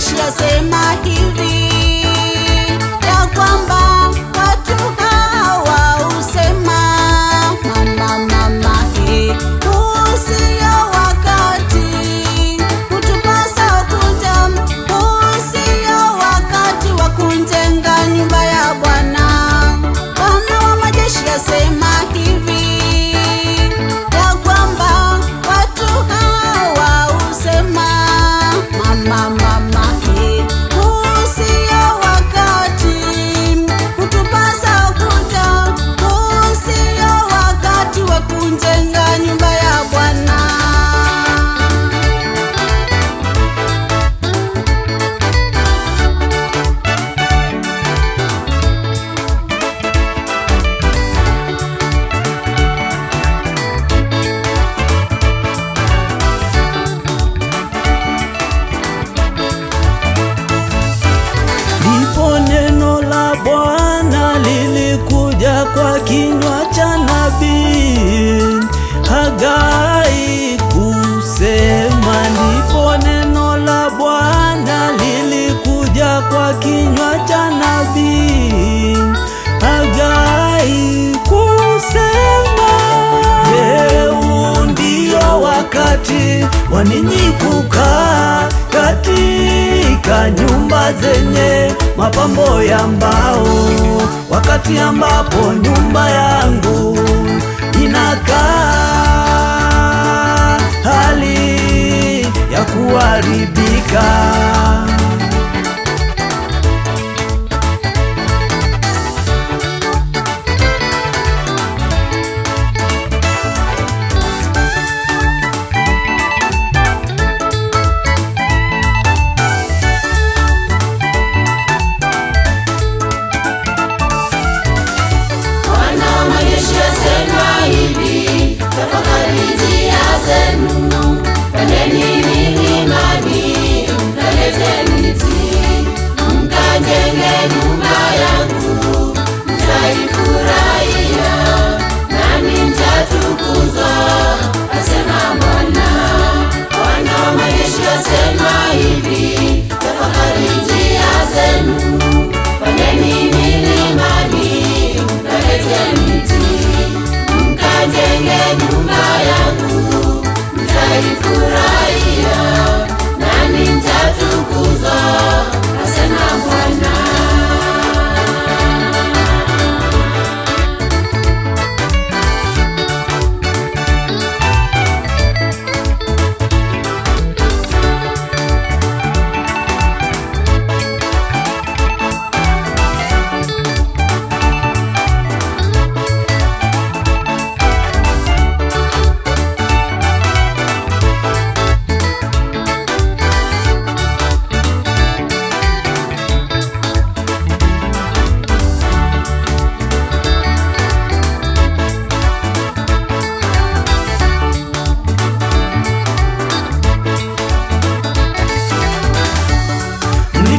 Аж я зима і вік. Bwana lilikuja kwa kinywa cha nabii Hagai kusema, ndipo neno la Bwana lilikuja kwa kinywa cha nabii Hagai kusema, leo ndio wakati wa ninyi kukaa kati katika nyumba zenye mapambo ya mbao, wakati ambapo nyumba yangu inakaa hali ya kuharibika.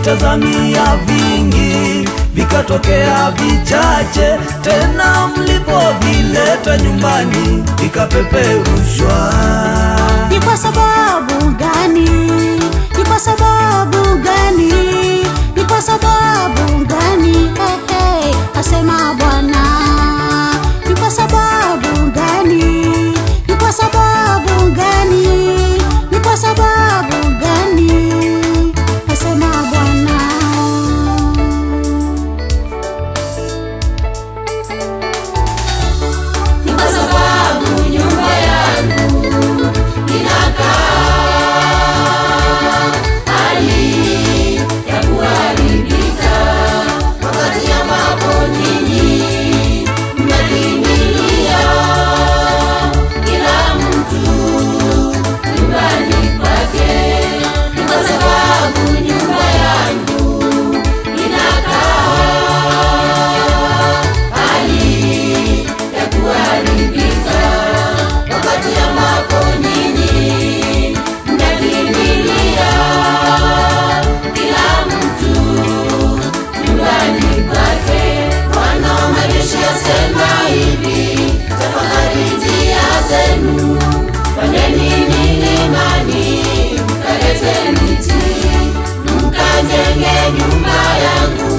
mlitazamia vingi, vikatokea vichache. Tena mlipovileta nyumbani, vikapeperushwa. Ni kwa sababu gani? Ni kwa sababu gani? Ni kwa sababu gani? Hey, hey, asema zaidi, tafakari njia zenu, pandeni milimani, mkalete miti, mkajenge nyumba yangu